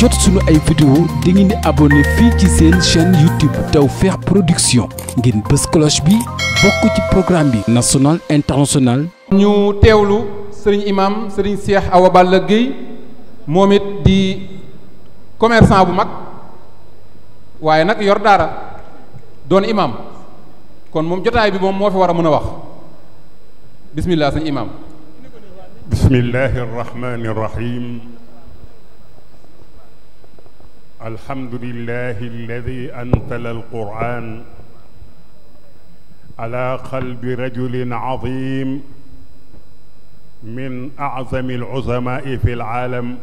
jot suñu ay vidéo da ngeen di abonné fii ci seen chaîne YouTube Tawfekh Production ngeen bës cloche bi bokk ci programme bi national international ñu teewlu sëriñ imaam sëriñ Cheikh Awa Balla Gueye moom it di commerçant bu mag waaye nag yor daara doon imam kon moom jotaay bi moom moo fi war a mën a wax bismillah sëriñ imam bismillahi الحمد لله الذي أنزل القرآن على قلب رجل عظيم من أعظم العظماء في العالم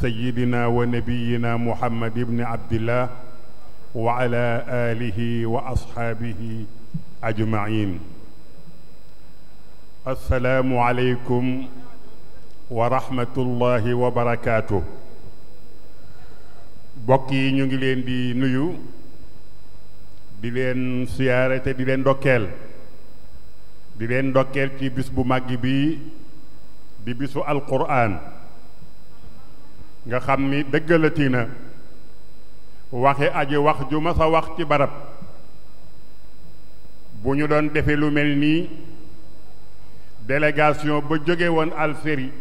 سيدنا ونبينا محمد بن عبد الله وعلى آله وأصحابه أجمعين السلام عليكم ورحمة الله وبركاته mbokk yi ñu ngi leen di nuyu di leen siyaare te di leen ndokkeel di leen ndokkeel ci bis bu màgg bi di bisu alquran nga xam ni dëggalati na waxe aji wax ju mas a wax ci barab bu ñu doon defe lu mel nii délégation ba jóge woon Algérie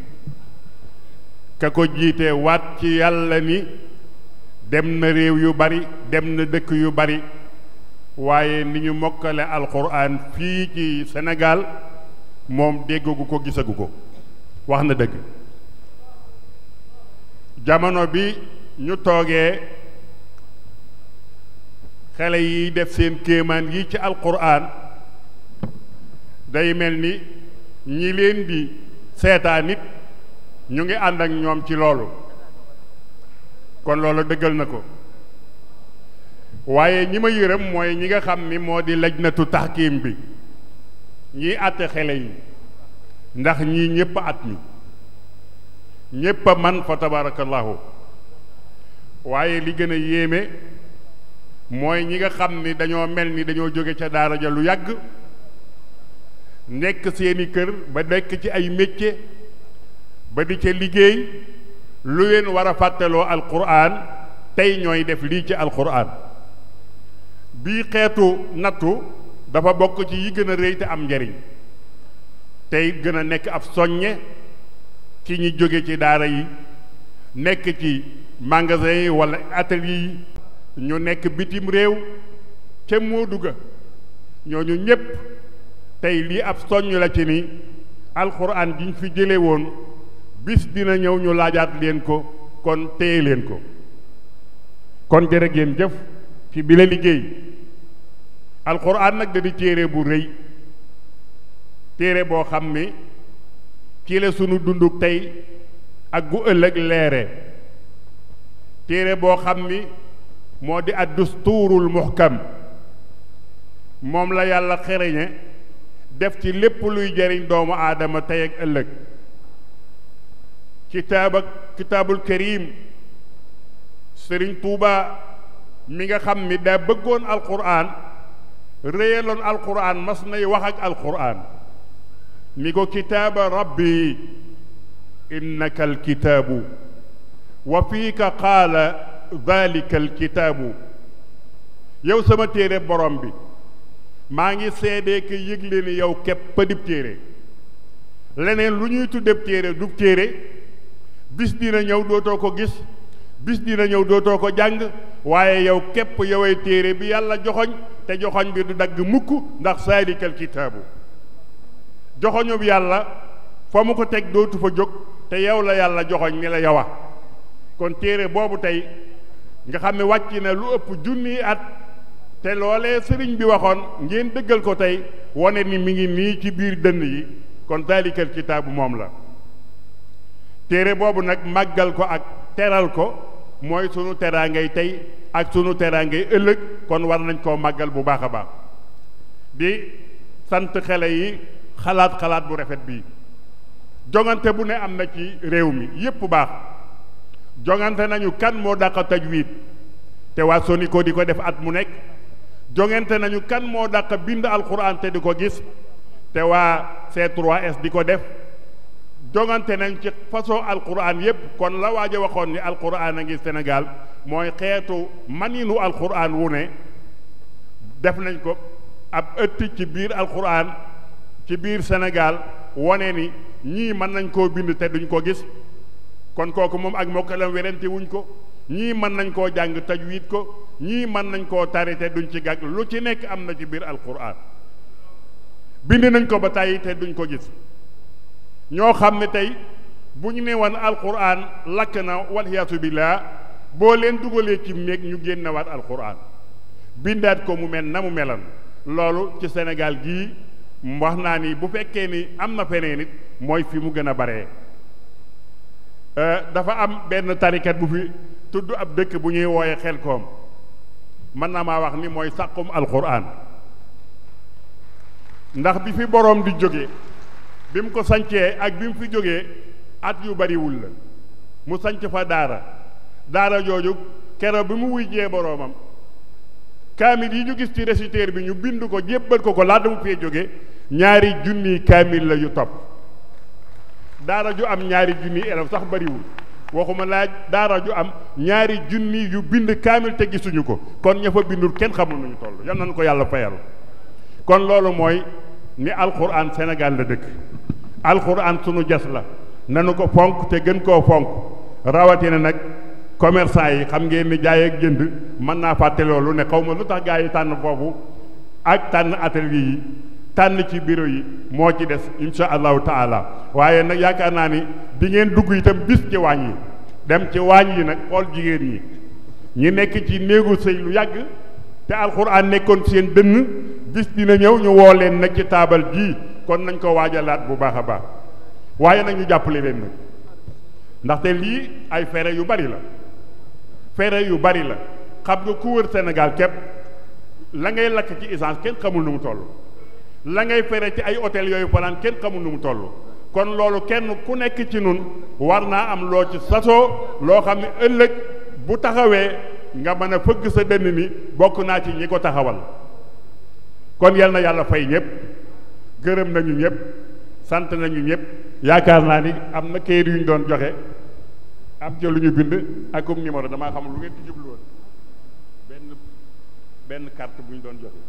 ka jiite waat ci yàlla ni dem na réew yu bari dem na dëkk yu bari waaye ni ñu mokkale alxuraan fii ci senegaal moom déggagu ko gisagu ko wax na dëgg jamono bi ñu toogee xale yi def seen kéemaan yi ci alxuraan day mel ni ñi leen di seetaan ñu ngi ànd ñoom ci loolu kon loolu dëggal na ko waaye ñi ma yërëm mooy ñi nga xam ni moo di lajnatu taxkiim bi ñii àtte xele yi ndax ñii ñépp at mi ñépp a man fa tabarakallahu waaye li gën a yéeme mooy ñi nga xam ni dañoo mel ni dañoo jóge ca daara ja lu yàgg nekk seeni kër ba nekk ci ay métier ba di ce liggéey lu leen war a fàttaloo alquran tey ñooy def lii ci alxur alquran bii xeetu nattu dafa bokk ci yi gën a rëy am njariñ tey gën a nekk ab soññe ci ñi jóge ci daara yi nekk ci magasin yi walla atelier yi ñu nekk bitim réew ca Mooduga ñooñu ñépp tey lii ab soññ la ci ni alxuraan jiñ fi jële woon bis dina ñëw ñu laajaat leen ko kon téye leen ko kon jërë ngeen jëf ci bi la liggéey alxuraan nag da di téere bu rëy téere boo xam ni ci sunu dunduk tey ak gu ëllëg leere téere boo xam ni moo di ad dustuurul muhkam moom la yàlla xereñe def ci lépp luy jëriñ doomu aadama tey ëllëg kitaab ak kitaabul karim sëriñ tuuba mi nga xam ni daa bëggoon alquran réyaloon alquran mas nay wax ak alquran ni ko kitaaba rabbi innaka alkitaabu wa fiika qaala dalika alkitaabu yow sama téere borom bi maa ngi seedee ke yëgle ni yow képp dib leneen lu ñuy tuddeb téere dub téere bis dina ñëw dootoo ko gis bis dina ñëw dootoo ko jàng waaye yow képp yoway téere bi yàlla joxoñ te joxoñ bi du dagg mukk ndax saalikal kitaabu joxoñu bi yàlla fa mu ko teg dootu fa jóg te yow la yàlla joxoñ ni la yowa kon téere boobu tey nga xam ne wàcc na lu ëpp junni at te loolee sëriñ bi waxoon ngeen dëggal ko tey wone ni mi ngi nii ci biir dënn yi kon saalikal kitaabu moom la téere boobu nag màggal ko ak teral ko mooy sunu teraangay tey ak sunu teraangay ëllëg kon war nañ koo màggal bu baax a baax di sant xele yi xalaat xalaat bu rafet bii joŋante bu ne am na ci réew mi yépp baax joŋante nañu kan moo dàq tajwiid te waa Sonico di ko def at mu nekk joŋante nañu kan moo dàq bind alxuraan te di ko gis te waa C3S di ko def joŋante nañ ci façon alquran yépp kon la waaj a waxoon ni alquran a ngi senegaal mooy xeetu maninu alquran wu ne def nañ ko ab ëtt ci biir alxuraan ci biir Sénégal wane ni ñii mën nañ koo bind te duñ ko gis kon kooku moom ak mokkalam werante wuñ ko ñii mën nañ koo jàng wiit ko ñii mën nañ koo tari te duñ ci gàgg lu ci nekk am na ci biir alquran bind nañ ko ba tàyyi te duñ ko gis ñoo xam ne tey bu ñu ne woon alquran lakk na bi billah boo leen dugalee ci néeg ñu génnewaat alquran bindaat ko mu mel na mu melan loolu ci senegaal gii wax naa ni bu fekkee ni am na feneen it mooy fi mu gën a baree euh, dafa am benn tarikat bu fi tudd ab dëkk bu ñuy wooye xel koom mën na maa wax ni mooy sàqum alquran ndax bi fi boroom di jóge bi mu ko sancee ak bi mu fi jógee at yu bariwul la mu sanc fa daara daara jooju kero bi mu wuy wujjee boroomam kaamil yi ñu gis ci réciteur bi ñu bind ko jébbal ko ko laata mu fee jóge ñaari junni kaamil la yu topp daara ju am ñaari junni élève sax bariwul waxuma laaj daara ju am ñaari junni yu bind kaamil te gisuñu ko kon ña fa bindul kenn xamul nuñu toll yal nañu ko yàlla fayal kon loolu mooy ni alxuraan Sénégal la dëkk alxuraan sunu jas la nanu ko fonk te gën koo fonk rawatina nag commerçant yi xam ngeen ni jaay ak jënd mën naa fàtte loolu ne xaw ma lu tax gaa yi tànn foofu ak tànn atel yi tànn ci bureau yi moo ci des insha allahu taala waaye nag yaakaar naa ni di ngeen dugg itam bis ci waañ yi dem ci waañ yi nag xool jigéen yi ñi nekk ci néegu sëy lu yàgg te alxuraan nekkoon seen dënn bis dina ñëw ñu woo leen nag ci taabal ji kon nañ ko waajalaat bu baax a baax waaye nag ñu jàppale leen nag ndaxte lii ay fere yu bari la fere yu bari la xam nga ku wër Sénégal képp la ngay lakk ci essence kenn xamul nu mu toll la ngay fere ci ay hôtel yooyu fanaan kenn xamul nu mu toll kon loolu kenn ku nekk ci nun war naa am loo ci sasoo loo xam ne ëllëg bu taxawee nga mën a fëgg sa dënn ni bokk naa ci ñi ko taxawal kon yal na yàlla fay ñëpp gërëm nañu ñëpp sant nañu ñëpp yaakaar naa ni am na kayit yu ñu doon joxe am ca lu ñu bind ak comme numéro damaa xam lu ngeen ci jublu benn benn carte bu ñu doon joxe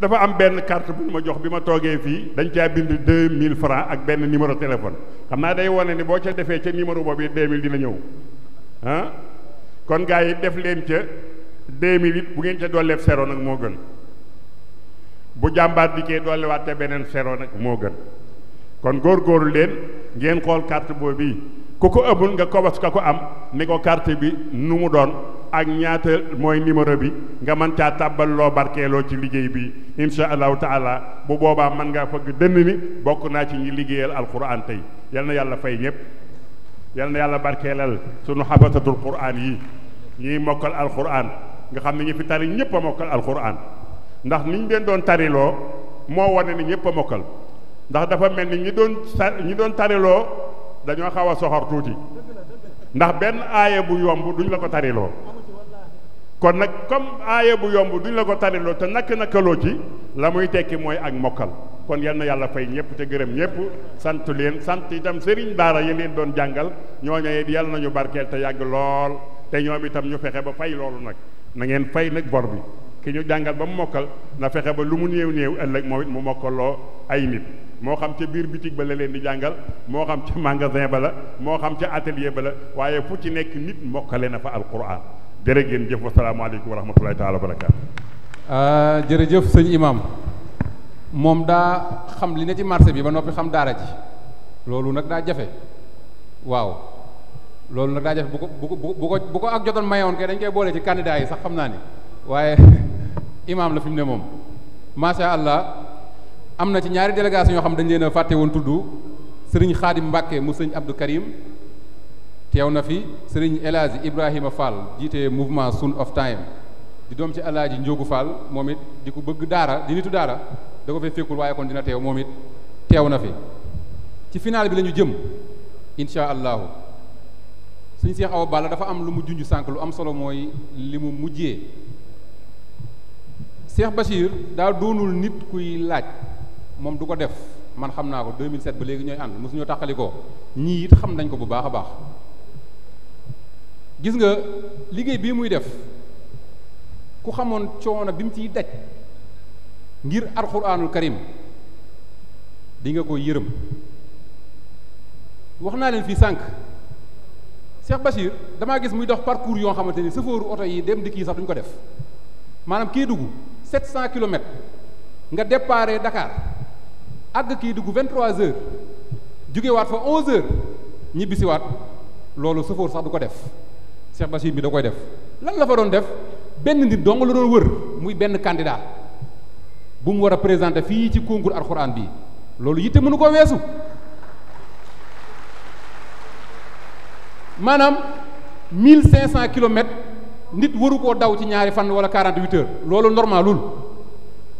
dafa am benn carte bu ñu ma jox bi ma toogee fii dañ caa bind deux mille francs ak benn numéro téléphone xam naa day wane ni boo ca defee ca numéro boobu deux mille dina ñëw ah kon gars yi def leen ca deux mille it bu ngeen ca dolleef sero nag moo gën bu jàmbaar dikkee dolliwaat ca beneen sero nag moo gën kon góorgóorlu leen ngeen xool carte boobu ku ko amul nga kobos ka ko am ni ko carte bi nu mu doon ak ñaata mooy numéro bi nga mën caa tàbbal loo barkeeloo ci liggéey bi incha allahu taala bu boobaa mën ngaa fëgg dënn ni bokk naa ci ñi liggéeyal alquran tey yal na yàlla fay ñëpp yal na yàlla barkeelal sunu xabasatul quran yi ñiy mokkal alquran nga xam ne ñi fi tari ñëpp a mokkal alquran ndax niñ leen doon tariloo moo wane ni ñëpp mokkal ndax dafa mel ni ñi doon ñi doon tariloo dañoo xaw a soxor tuuti ndax benn aaya bu yomb duñ la ko tariloo kon nag comme aaya bu yomb duñ la ko tariloo te nakk nakkaloo ci la muy tekki mooy ak mokkal kon yal na yàlla fay ñëpp te gërëm ñëpp sant leen sant itam sëriñ daara yi leen doon jàngal ñooñu yal nañu barkeel te yàgg lool te ñoom itam ñu fexe ba fay loolu nag na ngeen fay nag bor bi ki ñu jàngal ba mu mokkal na fexe ba lu mu néew néew ëllëg moo it mu mokkaloo ay nit moo xam ca biir bitig ba la leen di jàngal moo xam ca magasin ba la moo xam ca atelier ba la waaye fu ci nekk nit mokkale na fa alquran jërë ngeen jëf wasalaamaaleykum wa rahmatulahi taala wa barakaatu. Ah, jërëjëf sëñ imam moom daa xam li ne ci marché bi ba noppi xam daara ji loolu nag daa jafe waaw loolu nag daa jafe bu ko bu ko bu ko ak jotoon mayoon kay dañ koy boole ci candidat yi sax xam naa ni waaye imaam la fi mu ne moom macha allah am na ci ñaari délégation yoo xam dañ leen a fàtte woon tudd sëriñ Xaadim Mbàkke mu sëñ Abdou Karim. teew na fi sëriñ El Hadji Ibrahima Fall jiite mouvement Sun of Time di doom ci El Hadji Njóogu moom it di ko bëgg daara di nitu daara da ko fee fekkul waaye kon dina teew moom it teew na fi ci final bi lañu jëm incha allahu suñu Seex Awa Balla dafa am lu mu junj sànq lu am solo mooy li mu mujjee Seex Bachir daa doonul nit kuy laaj moom du ko def man xam naa ko 2007 ba léegi ñooy ànd mosuñoo tàqali ko ñii it xam nañ ko bu baax a baax gis nga liggéey bii muy def ku xamoon coono bi mu ciy daj ngir alxuraanul karim di nga ko yërëm wax naa leen fii sànq Cheikh Bachir damaa gis muy dox parcours yoo xamante ni sëfooru oto yi dem di kii sax duñ ko def maanaam Kédougou 700 kilomètres nga déparé Dakar àgg kii 23 heures jógewaat fa 11 heures ñibbisiwaat loolu sëfoor sax du ko def. Cheikh Bassir bi da koy def lan la fa doon def benn nit dong la doon wër muy benn candidat bu mu war a présenter fii ci concours alxuraan bi loolu yitte mënu koo weesu maanaam 1500 kilomètres nit waru koo daw ci ñaari fan wala 48 heures loolu normalul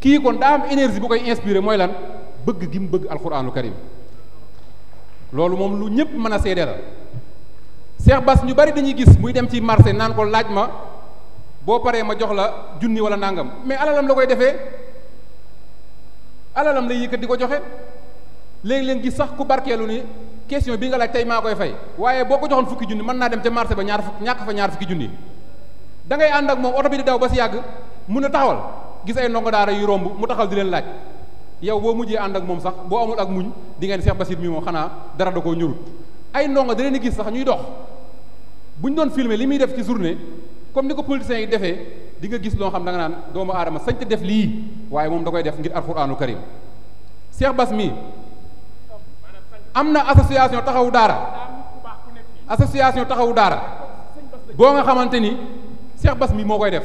kii kon daa am énergie bu koy inspiré mooy lan bëgg gim bëgg alxuraanu karim loolu moom lu ñëpp mën a seede la Cheikh Bass ñu bari dañuy gis muy dem ci marché naan ko laaj ma boo paree ma jox la junni wala nangam mais alalam la koy defee alalam lay yëkkat di ko joxe léegi leen gis sax ku barkeelu ni question bi nga laaj tey maa koy fay waaye boo ko joxoon fukki junni mën naa dem ca marché ba ñaar fukk ñàkk fa ñaar fukki junni dangay ngay ànd ak moom oto bi di daw ba si yàgg mun a taxawal gis ay ndongo daara yu romb mu taxaw di leen laaj yow boo mujjee ànd ak moom sax boo ak muñ di ngeen Cheikh Bassir mi moom xanaa dara da koo ñurut ay ndongo da leen di gis sax ñuy dox bu ñu doon filmer li muy def ci journée comme ni ko politiciens yi defee di nga gis loo xam da naan doomu aadama sañ te def lii waaye moom da koy def ngir alxuraanu karim Cheikh bas mi am na association taxawu daara association taxawu daara boo nga xamante ni Cheikh Bass mi moo koy def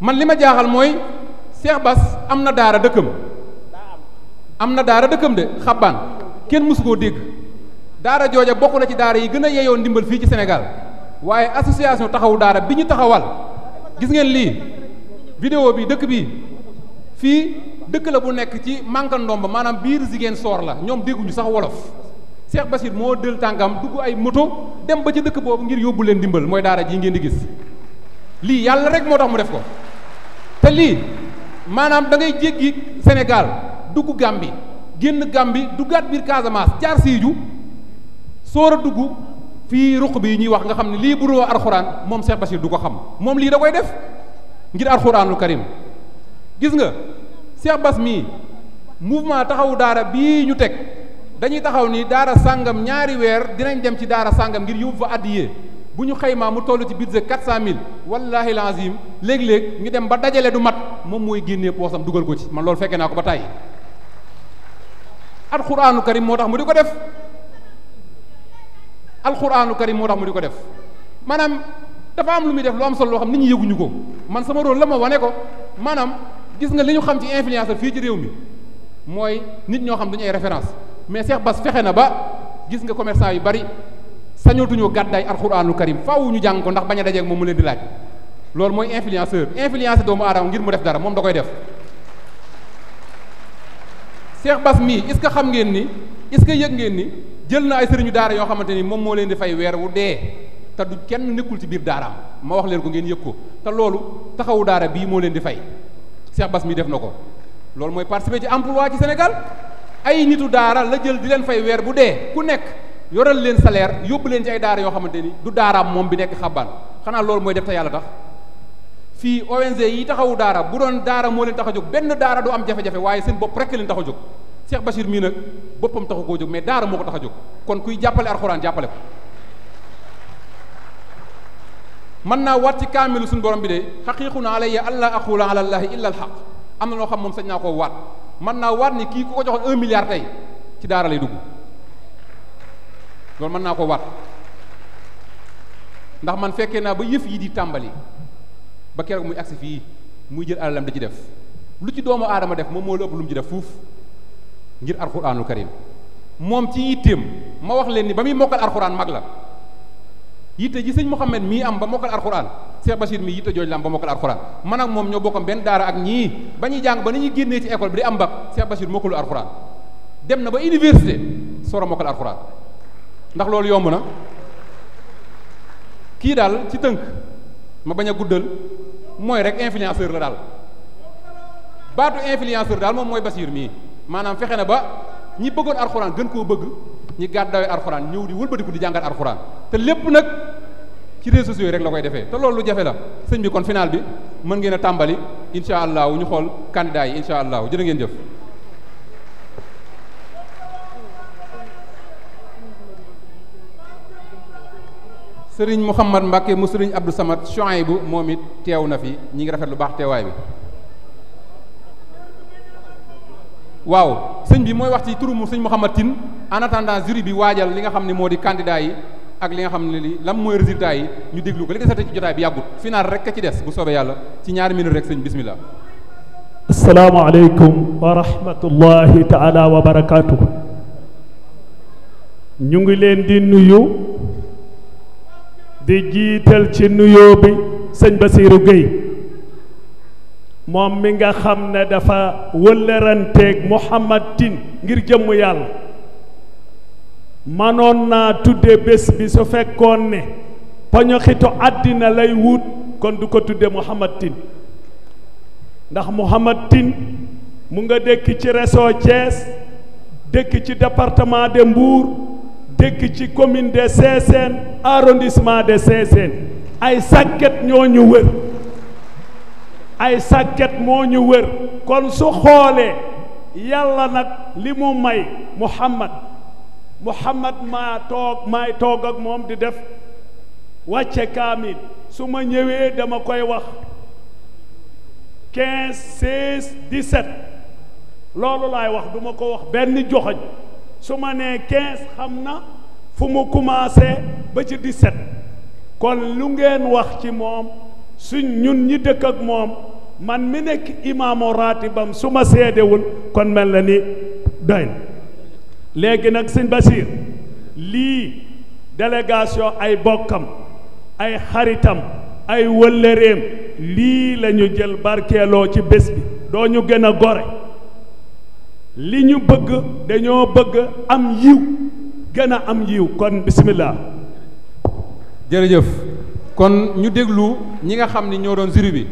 man li ma jaaxal mooy Cheikh bas am na daara dëkkam am na daara dëkkam de xabbaan kenn mësu koo dégg daara jooja bokk na ci daara yi gën a yeyoo ndimbal fii ci Sénégal waaye association taxawu daara bi ñu taxawal gis ngeen lii vidéo bi dëkk bi fii dëkk la bu nekk ci Mankandombe maanaam biir soor la ñoom dégguñu sax wolof Cheikh Bassir moo dël tànkam dugg ay moto dem ba ci dëkk boobu ngir yóbbu leen ndimbal mooy daara jii ngeen di gis lii yàlla rek moo tax mu def ko te lii maanaam dangay ngay jéggi Sénégal dugg Gàmbi génn Gàmbi duggaat biir Casamance jaar Sédhiou sóor a dugg fii ruq bi ñuy wax nga xam ne lii bu dul alxuraan moom Cheikh Bachir du ko xam moom lii da koy def ngir alxuraanul karim gis nga Cheikh Bass mii mouvement taxawu daara bii ñu teg dañuy taxaw ni daara sàngam ñaari weer dinañ dem ci daara sàngam ngir yóbbu fa addiyee bu ñu xaymaa mu toll ci budget quatre cent mille wallaahi lazim léeg-léeg ñu dem ba dajale du mat moom mooy génnee poosam dugal ko ci ma loolu fekkee naa ko ba tàyyi alxuraanu karim moo tax mu di ko def alxuraanu karim moo tax mu di ko def maanaam dafa am lu muy def lu am solo xam nit ñi yëguñu ko man sama rôle la ma wane ko maanaam gis nga li ñu xam ci influenceur fii ci réew mi mooy nit ñoo xam dañu ay référence mais Cheikh bas fexe na ba gis nga commerçant yu bari sañootuñoo gàddaay alxuraanul karim faaw ñu jàng ko ndax bañ a moom mu leen di laaj loolu mooy influenceur influenceur doomu aadama ngir mu def dara moom da koy def Cheikh Bass mii est-ce que xam ngeen ni est-ce que ngeen ni jël na ay sëriñu daara yoo xamante ni moom moo leen di fay weer wu dee te du kenn nekkul ci biir daaraam ma wax leen ko ngeen yëg ko te loolu taxawu daara bii moo leen di fay Cheikh Bass mi def na ko loolu mooy participer ci emploi ci senegal ay nitu daara la jël di leen fay weer bu dee ku nekk yoral leen salaire yóbbu leen ci ay daara yoo xamante ni du daaraam moom bi nekk xabaan xanaa loolu mooy def te yàlla tax fii ONG yi taxawu daara bu doon daara moo leen tax benn daara du am jafe-jafe bopp rek leen tax jóg Cheikh Bachir mii nag boppam taxu koo jóg mais daara moo ko tax a jóg kon kuy jàppale alxuraan jàppale ko mën naa waat ci kaamilu suñu borom bi de xaqiiqun alayya allaa aqula ala llaahi illa al xaq am na loo xam moom sañ naa koo waat man naa waat ni kii ku ko joxoon un milliard tey ci daara lay dugg loolu mën naa ko waat ndax man fekkee naa ba yëf yii di tàmbali ba keroog muy agsi fii muy jël alalam di ci def lu ci doomu aadama def moom moo la ci def fuuf ngir alxuraanul karim moom ci yitteem ma wax leen ni ba muy mokkal alxuraan mag la yitte ji sëñ Mouhamed mii am ba mokkal alxuraan Cheikh Bachir mii yitte jooju la am ba mokkal alxuraan man ak moom ñoo bokkam benn daara ak ñii ba ñuy jàng ba ni ñuy génnee ci école bi di am bac Cheikh Bachir mokkalu alxuraan dem na ba université soor a mokkal alxuraan ndax loolu yomb na kii daal ci tënk ma bañ a guddal mooy rek influenceur la daal baatu influenceur moom mooy Bachir mii. maanaam fexe na ba ñi bëggoon arxuraan gën koo bëgg ñi gàddaawee arxuraan ñëw di wëlbatiku di jàngat arxuraan te lépp nag ci réseaux sociaux rek la koy defee te loolu lu jafe la sëñ bi kon finaal bi mën ngeen a tàmbali incha allah ñu xool candidat yi incha allah jërë ngeen jëf. sëriñ Mouhamad Mbacke mu sëriñ Abdou Samad bu moom it teew na fi ñi ngi rafet lu baax teewaay bi. waaw sëñ bi mooy wax ci turu mu sëñ Mouhamad Tine en attendant jury bi waajal li nga xam ni moo di candidat yi ak li nga xam ne li lam mooy résultat yi ñu déglu ko li desate ci jotaay bi yàggut final rek ka ci des bu soobee yàlla ci ñaari minute rek sëñ bismillah asalaamaaleykum wa rahmatullahi taala wa barakaatu ñu ngi leen di nuyu di jiital ci nuyoo bi sëñ Basirou Gueye moom mi nga xam ne dafa wëllëranteeg Muhammad Tine ngir jëmm yàlla manoon naa tudde bés bi su fekkoon ne poñoxitu àddina lay wut kon du ko tudde Muhammad Tine ndax Muhammad Tine mu nga dëkk ci réseau Thiès dékk ci département de Mbour dëkk ci commune de Sessène arrondissement de Sessène ay sàkket ñoo ñu wër ay sàkket moo ñu wër kon su xoolee yàlla nag li mu may muhammad muhammad maa toog maay toog ak moom di def wàcce kaamil su ma ñëwee dama koy wax quinze seize dix-sept loolu laay wax duma ko wax benn joxoñ su ma nee quinze xam na fu mu commencé ba ci dix-sept kon lu ngeen wax ci moom su ñun ñi dëkk ak moom man mi nekk imaamu ratibam su ma seedewul kon mel na ni doy léegi nag sëñ Basiir lii délégation ay bokkam ay xaritam ay wëllëreem lii lañu jël barkeeloo ci bés bi doo ñu gën a gore li ñu bëgg dañoo bëgg am yiw gën a am yiw kon bisimilah. jërëjëf kon ñu déglu ñi nga xam ni ñoo doon jury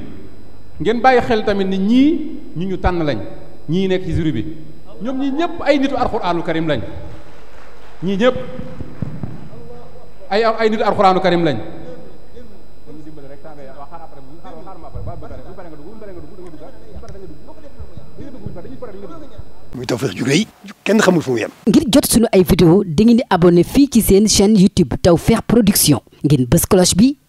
ngeen bàyyi xel tamit ni ñii ñu ñu tànn lañ ñii nekk ci jury bi ñoom ñii ñëpp ay nitu alxuraanu karim lañ ñii ñëpp ay ay nitu alxuraanu lañ muy Tawfekh ju rëy kenn xamul fu mu ngir jot suñu ay vidéo dangeen di abonné fii ci seen chaîne YouTube feex Production ngeen bës cloche bi